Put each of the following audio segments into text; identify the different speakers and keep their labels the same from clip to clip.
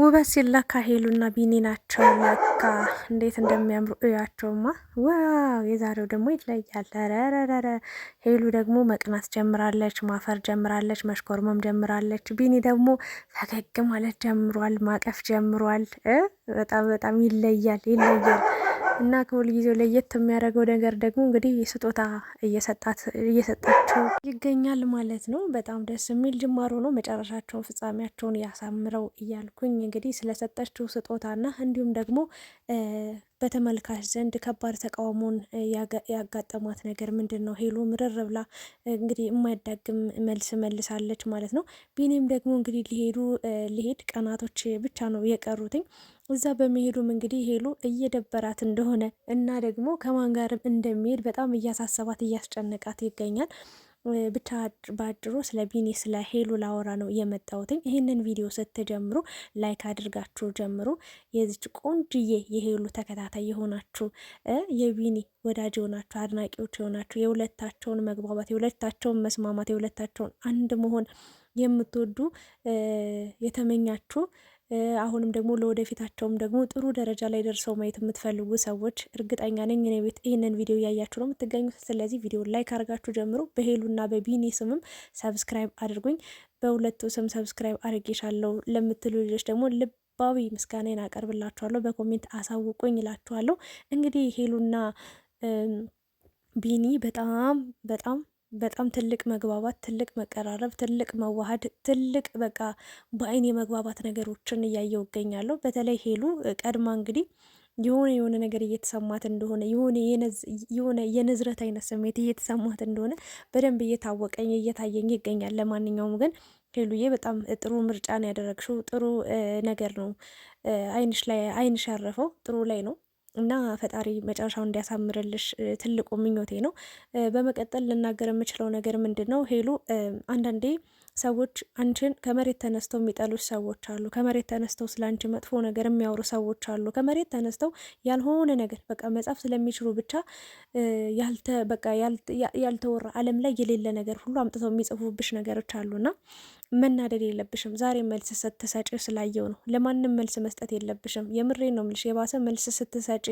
Speaker 1: ውበት ሲለካ ሄሉና ቢኒ ናቸው። ለካ እንዴት እንደሚያምሩ እያቸውማ! ዋው! የዛሬው ደግሞ ይለያል። ረረረረ ሄሉ ደግሞ መቅናት ጀምራለች፣ ማፈር ጀምራለች፣ መሽኮርመም ጀምራለች። ቢኒ ደግሞ ፈገግ ማለት ጀምሯል፣ ማቀፍ ጀምሯል። በጣም በጣም ይለያል ይለያል። እና ጊዜው ለየት የሚያደርገው ነገር ደግሞ እንግዲህ ስጦታ እየሰጣቸው ይገኛል ማለት ነው። በጣም ደስ የሚል ጅማሮ ነው። መጨረሻቸውን ፍጻሜያቸውን ያሳምረው እያልኩኝ እንግዲህ ስለሰጠችው ስጦታ ና እንዲሁም ደግሞ በተመልካች ዘንድ ከባድ ተቃውሞን ያጋጠሟት ነገር ምንድን ነው? ሄሉ ምርር ብላ እንግዲህ የማያዳግም መልስ መልሳለች ማለት ነው። ቢኒም ደግሞ እንግዲህ ሊሄዱ ሊሄድ ቀናቶች ብቻ ነው የቀሩትኝ እዛ በመሄዱም እንግዲህ ሄሉ እየደበራት እንደሆነ እና ደግሞ ከማን ጋርም እንደሚሄድ በጣም እያሳሰባት እያስጨነቃት ይገኛል። ብቻ ባጭሩ ስለ ቢኒ ስለ ሄሉ ላወራ ነው የመጣሁትኝ። ይህንን ቪዲዮ ስትጀምሩ ላይክ አድርጋችሁ ጀምሩ። የዚች ቆንጅዬ የሄሉ ተከታታይ የሆናችሁ የቢኒ ወዳጅ የሆናችሁ አድናቂዎች የሆናችሁ የሁለታቸውን መግባባት፣ የሁለታቸውን መስማማት፣ የሁለታቸውን አንድ መሆን የምትወዱ የተመኛችሁ አሁንም ደግሞ ለወደፊታቸውም ደግሞ ጥሩ ደረጃ ላይ ደርሰው ማየት የምትፈልጉ ሰዎች እርግጠኛ ነኝ እኔ ቤት ይህንን ቪዲዮ እያያችሁ ነው የምትገኙት። ስለዚህ ቪዲዮ ላይክ አድርጋችሁ ጀምሮ በሄሉና በቢኒ ስምም ሰብስክራይብ አድርጉኝ። በሁለቱ ስም ሰብስክራይብ አድርጌሻለሁ ለምትሉ ልጆች ደግሞ ልባዊ ምስጋናን አቀርብላችኋለሁ። በኮሜንት አሳውቁኝ ይላችኋለሁ። እንግዲህ ሄሉና ቢኒ በጣም በጣም በጣም ትልቅ መግባባት፣ ትልቅ መቀራረብ፣ ትልቅ መዋሃድ፣ ትልቅ በቃ በአይን የመግባባት ነገሮችን እያየው እገኛለሁ። በተለይ ሄሉ ቀድማ እንግዲህ የሆነ የሆነ ነገር እየተሰማት እንደሆነ የሆነ የንዝረት አይነት ስሜት እየተሰማት እንደሆነ በደንብ እየታወቀኝ እየታየኝ ይገኛል። ለማንኛውም ግን ሄሉዬ በጣም ጥሩ ምርጫ ነው ያደረግሽው። ጥሩ ነገር ነው አይንሽ ላይ አይንሽ ያረፈው ጥሩ ላይ ነው። እና ፈጣሪ መጨረሻው እንዲያሳምርልሽ ትልቁ ምኞቴ ነው። በመቀጠል ልናገር የምችለው ነገር ምንድን ነው? ሄሉ አንዳንዴ ሰዎች አንቺን ከመሬት ተነስተው የሚጠሉሽ ሰዎች አሉ። ከመሬት ተነስተው ስለ አንቺ መጥፎ ነገር የሚያወሩ ሰዎች አሉ። ከመሬት ተነስተው ያልሆነ ነገር በቃ መጻፍ ስለሚችሉ ብቻ ያልተ በቃ ያልተወራ ዓለም ላይ የሌለ ነገር ሁሉ አምጥተው የሚጽፉብሽ ነገሮች አሉና መናደድ የለብሽም። ዛሬ መልስ ስትሰጪ ስላየው ነው። ለማንም መልስ መስጠት የለብሽም። የምሬ ነው ምልሽ። የባሰ መልስ ስትሰጪ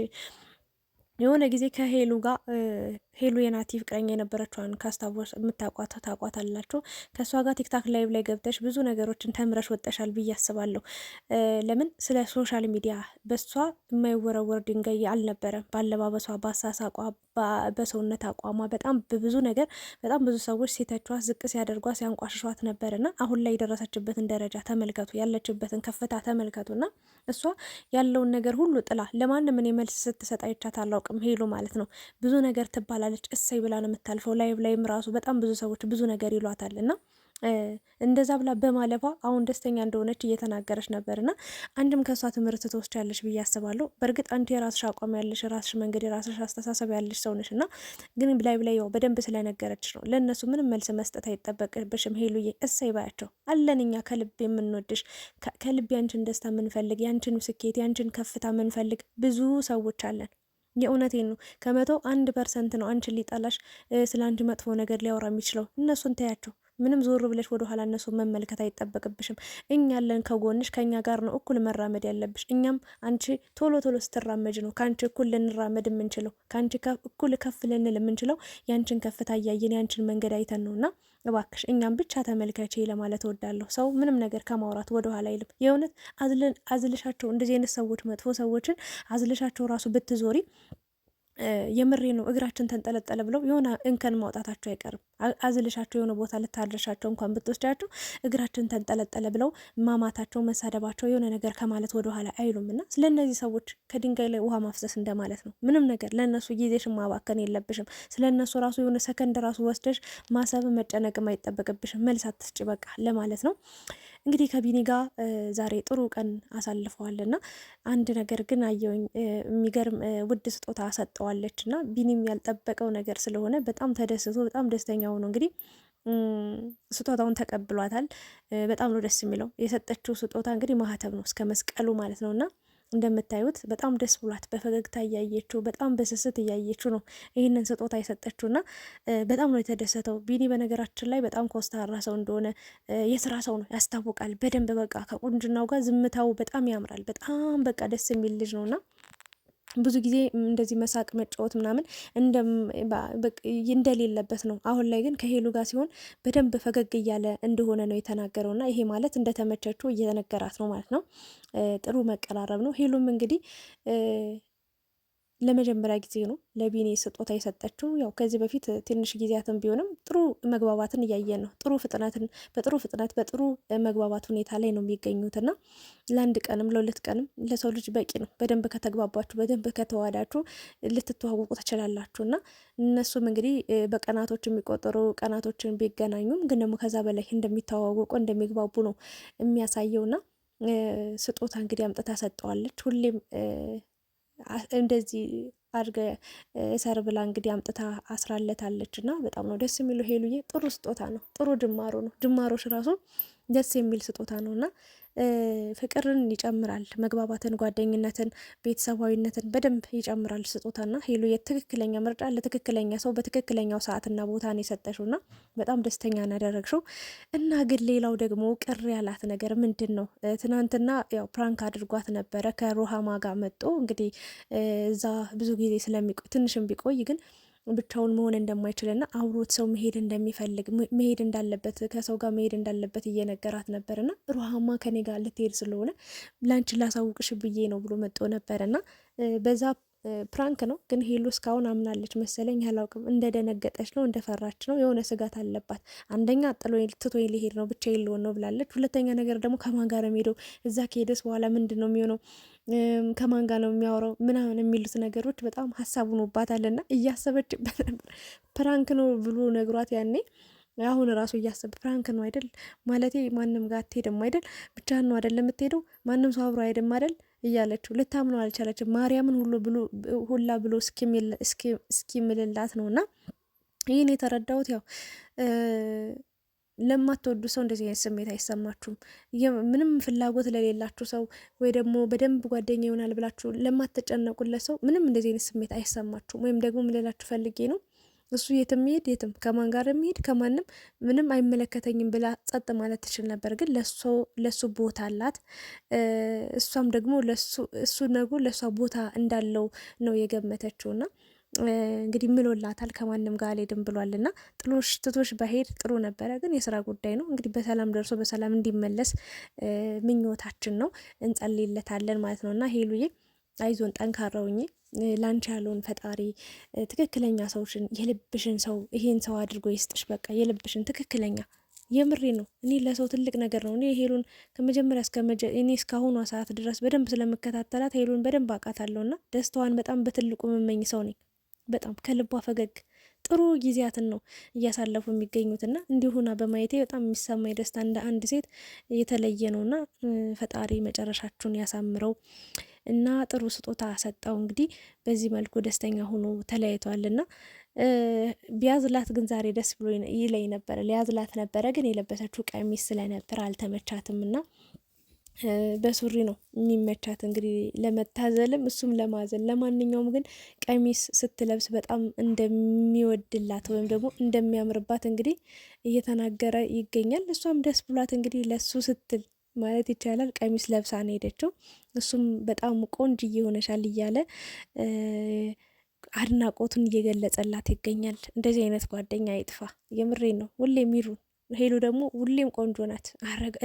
Speaker 1: የሆነ ጊዜ ከሄሉ ጋር ሄሉ የናቲ ፍቅረኛ የነበረችዋን ካስታወስ የምታቋት ታቋት አላችሁ። ከእሷ ጋር ቲክታክ ላይቭ ላይ ገብተሽ ብዙ ነገሮችን ተምረሽ ወጠሻል ብዬ አስባለሁ። ለምን ስለ ሶሻል ሚዲያ በሷ የማይወረወር ድንጋይ አልነበረም። በአለባበሷ፣ በአሳሳቋ፣ በሰውነት አቋሟ በጣም ብዙ ነገር በጣም ብዙ ሰዎች ሲተቿት፣ ዝቅ ሲያደርጓ፣ ሲያንቋሽሿት ነበርና አሁን ላይ የደረሰችበትን ደረጃ ተመልከቱ፣ ያለችበትን ከፍታ ተመልከቱና እሷ ያለውን ነገር ሁሉ ጥላ ለማንም እኔ መልስ ስትሰጥ አይቻት አላውቅም ሄሉ ማለት ነው ብዙ ነገር ትባላል ትባላለች። እሰይ ብላ ነው የምታልፈው። ላይቭ ላይም ራሱ በጣም ብዙ ሰዎች ብዙ ነገር ይሏታል እና እንደዛ ብላ በማለፏ አሁን ደስተኛ እንደሆነች እየተናገረች ነበር እና አንድም ከእሷ ትምህርት ትወስጃለሽ ብዬ አስባለሁ። በእርግጥ አንቺ የራስሽ አቋም ያለሽ የራስሽ መንገድ የራስሽ አስተሳሰብ ያለሽ ሰውነሽ እና ግን ላይ ብላይ ያው በደንብ ስለነገረች ነው ለእነሱ ምንም መልስ መስጠት አይጠበቅብሽም። ሄሉዬ እሰይ ባያቸው አለን እኛ ከልብ የምንወድሽ ከልብ ያንችን ደስታ የምንፈልግ ያንችን ስኬት ያንችን ከፍታ የምንፈልግ ብዙ ሰዎች አለን። የእውነቴን ነው። ከመቶ አንድ ፐርሰንት ነው አንቺን ሊጠላሽ ስለ አንቺ መጥፎ ነገር ሊያወራ የሚችለው። እነሱን ተያቸው። ምንም ዞር ብለሽ ወደ ኋላ እነሱ መመልከት አይጠበቅብሽም። እኛ ያለን ከጎንሽ፣ ከኛ ጋር ነው እኩል መራመድ ያለብሽ። እኛም አንቺ ቶሎ ቶሎ ስትራመጅ ነው ከአንቺ እኩል ልንራመድ የምንችለው፣ ከአንቺ እኩል ከፍ ልንል የምንችለው። ያንቺን ከፍታ እያየን ያንቺን መንገድ አይተን ነውና እባክሽ እኛም ብቻ ተመልካቼ ለማለት እወዳለሁ። ሰው ምንም ነገር ከማውራት ኋላ አይልም። የእውነት አዝልሻቸው እንደዚህ አይነት ሰዎች መጥፎ ሰዎችን አዝልሻቸው ራሱ ብትዞሪ የምሬ ነው እግራችን ተንጠለጠለ ብለው የሆነ እንከን ማውጣታቸው አይቀርም። አዝልሻቸው የሆነ ቦታ ልታደርሻቸው እንኳን ብትወስዳቸው እግራችን ተንጠለጠለ ብለው ማማታቸው፣ መሳደባቸው የሆነ ነገር ከማለት ወደኋላ አይሉም እና ስለ እነዚህ ሰዎች ከድንጋይ ላይ ውሃ ማፍሰስ እንደማለት ነው። ምንም ነገር ለእነሱ ጊዜሽን ማባከን የለብሽም። ስለ እነሱ ራሱ የሆነ ሰከንድ ራሱ ወስደሽ ማሰብ መጨነቅም አይጠበቅብሽም። መልስ አትስጭ በቃ ለማለት ነው። እንግዲህ ከቢኒ ጋር ዛሬ ጥሩ ቀን አሳልፈዋል እና አንድ ነገር ግን አየውኝ የሚገርም ውድ ስጦታ ሰጠዋለች እና ቢኒም ያልጠበቀው ነገር ስለሆነ በጣም ተደስቶ በጣም ደስተኛ ደስተኛው ነው እንግዲህ ስጦታውን ተቀብሏታል። በጣም ነው ደስ የሚለው። የሰጠችው ስጦታ እንግዲህ ማህተብ ነው እስከ መስቀሉ ማለት ነው እና እንደምታዩት በጣም ደስ ብሏት በፈገግታ እያየችው በጣም በስስት እያየችው ነው ይህንን ስጦታ የሰጠችው እና በጣም ነው የተደሰተው። ቢኒ በነገራችን ላይ በጣም ኮስታራ ሰው እንደሆነ የስራ ሰው ነው ያስታውቃል በደንብ በቃ ከቁንጅናው ጋር ዝምታው በጣም ያምራል። በጣም በቃ ደስ የሚል ልጅ ነው እና ብዙ ጊዜ እንደዚህ መሳቅ መጫወት ምናምን እንደሌለበት ነው። አሁን ላይ ግን ከሄሉ ጋር ሲሆን በደንብ ፈገግ እያለ እንደሆነ ነው የተናገረው እና ይሄ ማለት እንደተመቸችው እየነገራት ነው ማለት ነው። ጥሩ መቀራረብ ነው። ሄሉም እንግዲህ ለመጀመሪያ ጊዜ ነው ለቢኒ ስጦታ የሰጠችው። ያው ከዚህ በፊት ትንሽ ጊዜያትን ቢሆንም ጥሩ መግባባትን እያየን ነው። ጥሩ ፍጥነትን በጥሩ ፍጥነት በጥሩ መግባባት ሁኔታ ላይ ነው የሚገኙት እና ለአንድ ቀንም ለሁለት ቀንም ለሰው ልጅ በቂ ነው። በደንብ ከተግባባችሁ፣ በደንብ ከተዋዳችሁ ልትተዋወቁ ትችላላችሁ። እና እነሱም እንግዲህ በቀናቶች የሚቆጠሩ ቀናቶችን ቢገናኙም ግን ደግሞ ከዛ በላይ እንደሚተዋወቁ እንደሚግባቡ ነው የሚያሳየው እና ስጦታ እንግዲህ አምጥታ ሰጠዋለች ሁሌም እንደዚህ አድርገ ሰር ብላ እንግዲህ አምጥታ አስራለታለች እና በጣም ነው ደስ የሚለው። ሄሉዬ ጥሩ ስጦታ ነው፣ ጥሩ ድማሮ ነው። ድማሮች ራሱ ደስ የሚል ስጦታ ነው እና ፍቅርን ይጨምራል፣ መግባባትን፣ ጓደኝነትን፣ ቤተሰባዊነትን በደንብ ይጨምራል ስጦታና ሄሉ የትክክለኛ ምርጫ ለትክክለኛ ሰው በትክክለኛው ሰዓትና ቦታን የሰጠሽው እና በጣም ደስተኛ ያደረግሽው እና ግን ሌላው ደግሞ ቅር ያላት ነገር ምንድን ነው? ትናንትና ያው ፕራንክ አድርጓት ነበረ ከሩሃማ ጋር መጦ እንግዲህ እዛ ብዙ ጊዜ ስለሚቆይ ትንሽም ቢቆይ ግን ብቻውን መሆን እንደማይችልና አብሮት ሰው መሄድ እንደሚፈልግ መሄድ እንዳለበት ከሰው ጋር መሄድ እንዳለበት እየነገራት ነበርና ሩሃማ ከኔ ጋር ልትሄድ ስለሆነ ላንቺ ላሳውቅሽ ብዬ ነው ብሎ መጥቶ ና በዛ ፕራንክ ነው ግን ሄሉ እስካሁን አምናለች መሰለኝ፣ አላውቅም። እንደደነገጠች ነው እንደፈራች ነው የሆነ ስጋት አለባት። አንደኛ ጥሎ ትቶ ሊሄድ ነው ብቻ የለውን ነው ብላለች። ሁለተኛ ነገር ደግሞ ከማን ጋር ሄደው እዛ ከሄደስ በኋላ ምንድን ነው የሚሆነው ከማን ጋር ነው የሚያወራው ምናምን የሚሉት ነገሮች በጣም ሀሳቡ ሆኖባታል እና እያሰበችበት ነበር። ፕራንክ ነው ብሎ ነግሯት ያኔ አሁን ራሱ እያሰብ ፍራንክ ነው አይደል? ማለት ማንም ጋር አትሄድም አይደል? ብቻ ነው አይደል የምትሄደው? ማንም ሰው አብሮ አይሄድም አይደል? እያለችው ልታምነው አልቻለችም። ማርያምን ሁሉ ብሎ ሁላ ብሎ እስኪምልላት ነው። እና ይህን የተረዳሁት ያው ለማትወዱ ሰው እንደዚህ አይነት ስሜት አይሰማችሁም። ምንም ፍላጎት ለሌላችሁ ሰው ወይ ደግሞ በደንብ ጓደኛ ይሆናል ብላችሁ ለማትጨነቁለት ሰው ምንም እንደዚህ አይነት ስሜት አይሰማችሁም። ወይም ደግሞ ምልላችሁ ፈልጌ ነው እሱ የትም ይሄድ የትም ከማን ጋር የሚሄድ ከማንም ምንም አይመለከተኝም ብላ ጸጥ ማለት ትችል ነበር። ግን ለሱ ቦታ አላት። እሷም ደግሞ እሱ ነግሮ ለእሷ ቦታ እንዳለው ነው የገመተችው ና እንግዲህ ምሎላታል። ከማንም ጋር አልሄድም ብሏልና ጥሎሽ ትቶሽ በሄድ ጥሩ ነበረ፣ ግን የስራ ጉዳይ ነው። እንግዲህ በሰላም ደርሶ በሰላም እንዲመለስ ምኞታችን ነው፣ እንጸልይለታለን ማለት ነው እና ሄሉዬ አይዞን ጠንካራውኝ ላንቺ ያለውን ፈጣሪ ትክክለኛ ሰውሽን የልብሽን ሰው ይሄን ሰው አድርጎ ይስጥሽ። በቃ የልብሽን ትክክለኛ የምሬ ነው። እኔ ለሰው ትልቅ ነገር ነው። እኔ ሄሉን ከመጀመሪያ እኔ እስካሁኗ ሰዓት ድረስ በደንብ ስለምከታተላት ሄሉን በደንብ አውቃታለሁና ደስታዋን በጣም በትልቁ የምመኝ ሰው ነኝ። በጣም ከልቧ ፈገግ ጥሩ ጊዜያትን ነው እያሳለፉ የሚገኙትና እንዲሁና በማየቴ በጣም የሚሰማኝ ደስታ እንደ አንድ ሴት የተለየ ነውና ፈጣሪ መጨረሻችሁን ያሳምረው። እና ጥሩ ስጦታ ሰጠው። እንግዲህ በዚህ መልኩ ደስተኛ ሆኖ ተለያይቷል እና ቢያዝላት ግን ዛሬ ደስ ብሎ ይለኝ ነበረ። ሊያዝላት ነበረ ግን የለበሰችው ቀሚስ ስለነበር አልተመቻትም እና በሱሪ ነው የሚመቻት እንግዲህ ለመታዘልም እሱም ለማዘል። ለማንኛውም ግን ቀሚስ ስትለብስ በጣም እንደሚወድላት ወይም ደግሞ እንደሚያምርባት እንግዲህ እየተናገረ ይገኛል። እሷም ደስ ብሏት እንግዲህ ለሱ ስትል ማለት ይቻላል ቀሚስ ለብሳ ነው ሄደችው። እሱም በጣም ቆንጅ እየሆነሻል እያለ አድናቆቱን እየገለጸላት ይገኛል። እንደዚህ አይነት ጓደኛ ይጥፋ። የምሬ ነው። ሁሌም ሚሩ ሄሉ ደግሞ ሁሌም ቆንጆ ናት።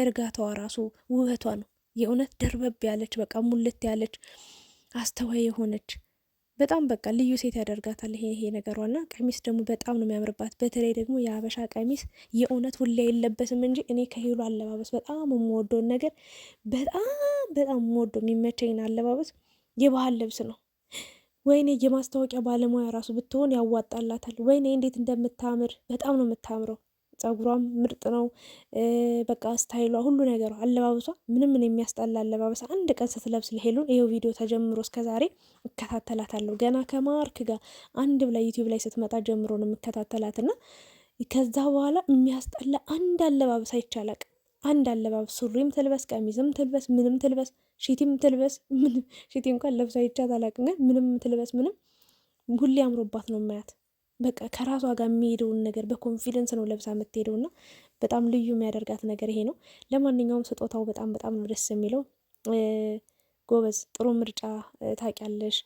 Speaker 1: እርጋታዋ ራሱ ውበቷ ነው። የእውነት ደርበብ ያለች በቃ ሙልት ያለች አስተዋይ የሆነች በጣም በቃ ልዩ ሴት ያደርጋታል ይሄ ይሄ ነገሯና፣ ቀሚስ ደግሞ በጣም ነው የሚያምርባት። በተለይ ደግሞ የሀበሻ ቀሚስ የእውነት ሁሌ አይለበስም እንጂ እኔ ከሄሉ አለባበስ በጣም የምወደውን ነገር በጣም በጣም የምወደው የሚመቸኝን አለባበስ የባህል ልብስ ነው። ወይኔ የማስታወቂያ ባለሙያ ራሱ ብትሆን ያዋጣላታል። ወይኔ እንዴት እንደምታምር በጣም ነው የምታምረው። ጸጉሯም ምርጥ ነው። በቃ ስታይሏ፣ ሁሉ ነገሯ፣ አለባበሷ ምንም ምን የሚያስጠላ አለባበስ አንድ ቀን ስትለብስ ሄሉን ይሄው ቪዲዮ ተጀምሮ እስከ ዛሬ እከታተላታለሁ። ገና ከማርክ ጋር አንድ ብላ ዩቲዩብ ላይ ስትመጣ ጀምሮ ነው የምከታተላትና ከዛ በኋላ የሚያስጠላ አንድ አለባበስ አይቻላቅ አንድ አለባበስ ሱሪም ትልበስ ቀሚስም ትልበስ ምንም ትልበስ ሺቲም ትልበስ ምንም ሺቲ እንኳን ለብሳ ይቻት አላቅም፣ ግን ምንም ትልበስ ምንም ሁሌ አምሮባት ነው ማያት። በቃ ከራሷ ጋር የሚሄደውን ነገር በኮንፊደንስ ነው ለብሳ የምትሄደው እና በጣም ልዩ የሚያደርጋት ነገር ይሄ ነው። ለማንኛውም ስጦታው በጣም በጣም ነው ደስ የሚለው። ጎበዝ፣ ጥሩ ምርጫ ታውቂያለሽ፣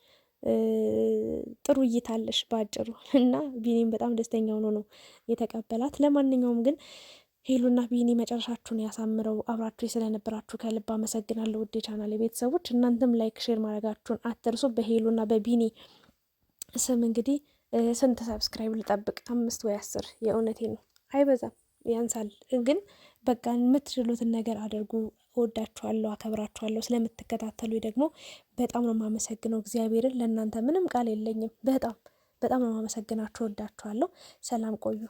Speaker 1: ጥሩ እይታ አለሽ በአጭሩ እና ቢኒም በጣም ደስተኛ ሆኖ ነው የተቀበላት። ለማንኛውም ግን ሄሉና ቢኒ መጨረሻችሁን ያሳምረው። አብራችሁ ስለነበራችሁ ከልብ አመሰግናለሁ። ውድ የቻናል ቤተሰቦች እናንተም ላይክ፣ ሼር ማድረጋችሁን አትርሱ። በሄሉና በቢኒ ስም እንግዲህ ስንት ሰብስክራይብ ልጠብቅ? አምስት ወይ አስር? የእውነቴ ነው አይበዛም፣ ያንሳል። ግን በቃ የምትችሉትን ነገር አድርጉ። እወዳችኋለሁ፣ አከብራችኋለሁ። ስለምትከታተሉ ደግሞ በጣም ነው የማመሰግነው። እግዚአብሔርን ለእናንተ ምንም ቃል የለኝም። በጣም በጣም ነው የማመሰግናችሁ። እወዳችኋለሁ። ሰላም ቆዩ።